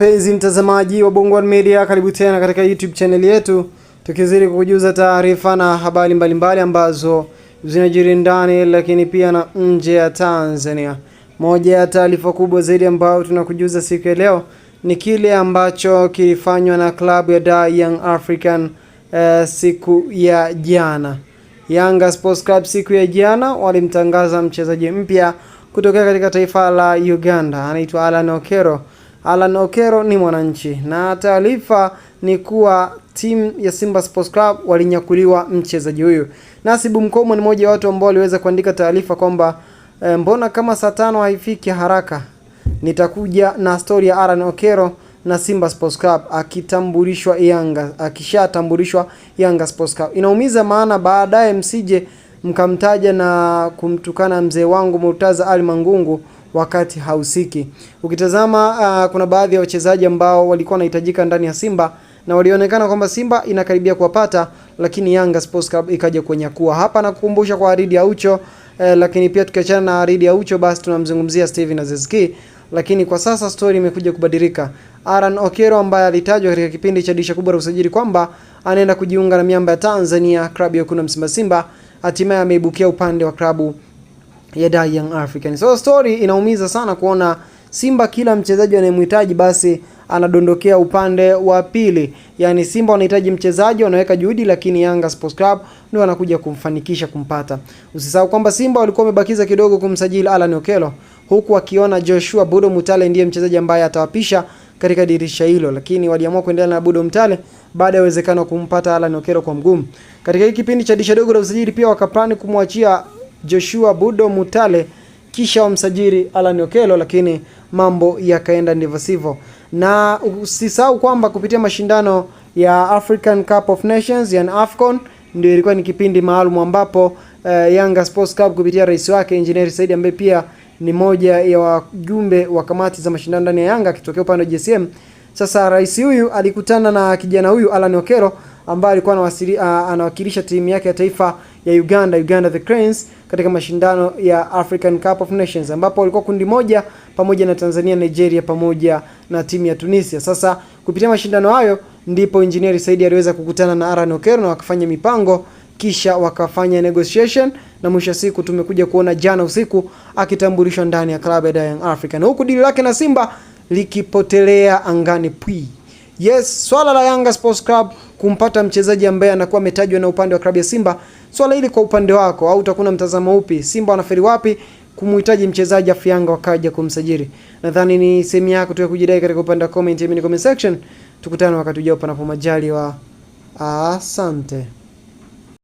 Mpenzi mtazamaji wa Bongo One Media, karibu tena katika YouTube chaneli yetu, tukizidi kukujuza taarifa na habari mbalimbali ambazo zinajiri ndani lakini pia na nje ya Tanzania. Moja ya taarifa kubwa zaidi ambayo tunakujuza siku ya leo ni kile ambacho kilifanywa na klabu ya da Young African eh, siku ya jana. Yanga Sports Club siku ya jana walimtangaza mchezaji mpya kutokea katika taifa la Uganda, anaitwa Alan Okero Alan Okero ni mwananchi, na taarifa ni kuwa timu ya Simba Sports Club walinyakuliwa mchezaji huyu. Nasibu Mkomo ni mmoja wa watu ambao waliweza kuandika taarifa kwamba e, mbona kama saa tano haifiki haraka, nitakuja na stori ya Alan Okero na Simba Sports Club akitambulishwa Yanga, akishatambulishwa Yanga Sports Club. Inaumiza maana baadaye msije mkamtaja na kumtukana mzee wangu Murtaza Ali Mangungu wakati hausiki. Ukitazama uh, kuna baadhi ya wachezaji ambao walikuwa wanahitajika ndani ya Simba na walionekana kwamba Simba inakaribia kuwapata, lakini Yanga Sports Club ikaja kunyakua. Hapa nakukumbusha kwa Aridi Aucho eh, lakini pia tukiachana na Aridi Aucho basi tunamzungumzia Steven Aziz lakini kwa sasa story imekuja kubadilika. Aaron Okero ambaye alitajwa katika kipindi cha dirisha kubwa la usajili kwamba anaenda kujiunga na miamba ya Tanzania, klabu ya kuna Msimba Simba hatimaye ameibukia upande wa klabu ya da Young African. So story inaumiza sana kuona Simba kila mchezaji anayemhitaji basi anadondokea upande wa pili. Yaani Simba wanahitaji mchezaji, wanaweka juhudi, lakini Yanga Sports Club ndio wanakuja kumfanikisha kumpata. Usisahau kwamba Simba walikuwa wamebakiza kidogo kumsajili Alan Okelo, huku akiona Joshua Budo Mutale ndiye mchezaji ambaye atawapisha katika dirisha hilo, lakini waliamua kuendelea na Budo Mtale baada ya uwezekano wa kumpata Alan Okelo kwa mgumu. Katika hii kipindi cha dirisha dogo la usajili, pia wakaplani kumwachia Joshua Budo Mutale, kisha wamsajili Alan okelo lakini mambo yakaenda ndivyo sivyo. Na usisahau kwamba kupitia mashindano ya African Cup of Nations, yani AFCON, ndio ilikuwa ni kipindi maalum ambapo uh, Yanga Sports Club kupitia rais wake Engineer Said ambaye pia ni moja ya wajumbe wa kamati za mashindano ndani ya Yanga akitokea upande wa JSM. Sasa rais huyu alikutana na kijana huyu Alan okelo ambaye alikuwa anawakilisha timu yake ya taifa ya Uganda, Uganda the Cranes katika mashindano ya African Cup of Nations ambapo walikuwa kundi moja pamoja na Tanzania, Nigeria pamoja na timu ya Tunisia. Sasa kupitia mashindano hayo ndipo Engineer Saidi aliweza kukutana na Aaron Okero na wakafanya mipango kisha wakafanya negotiation na mwisho siku tumekuja kuona jana usiku akitambulishwa ndani ya klabu ya Young African, huku dili lake na Simba likipotelea angani pwi. Yes, swala la Yanga Sports Club kumpata mchezaji ambaye anakuwa ametajwa na upande wa klabu ya Simba. Swala hili kwa upande wako au utakuwa na mtazamo upi? Simba wanaferi wapi kumhitaji mchezaji afu Yanga wakaja kumsajili? Nadhani ni sehemu yako tu ya kujidai katika upande wa comment, comment section. Tukutane wakati ujao panapo majaliwa. Asante.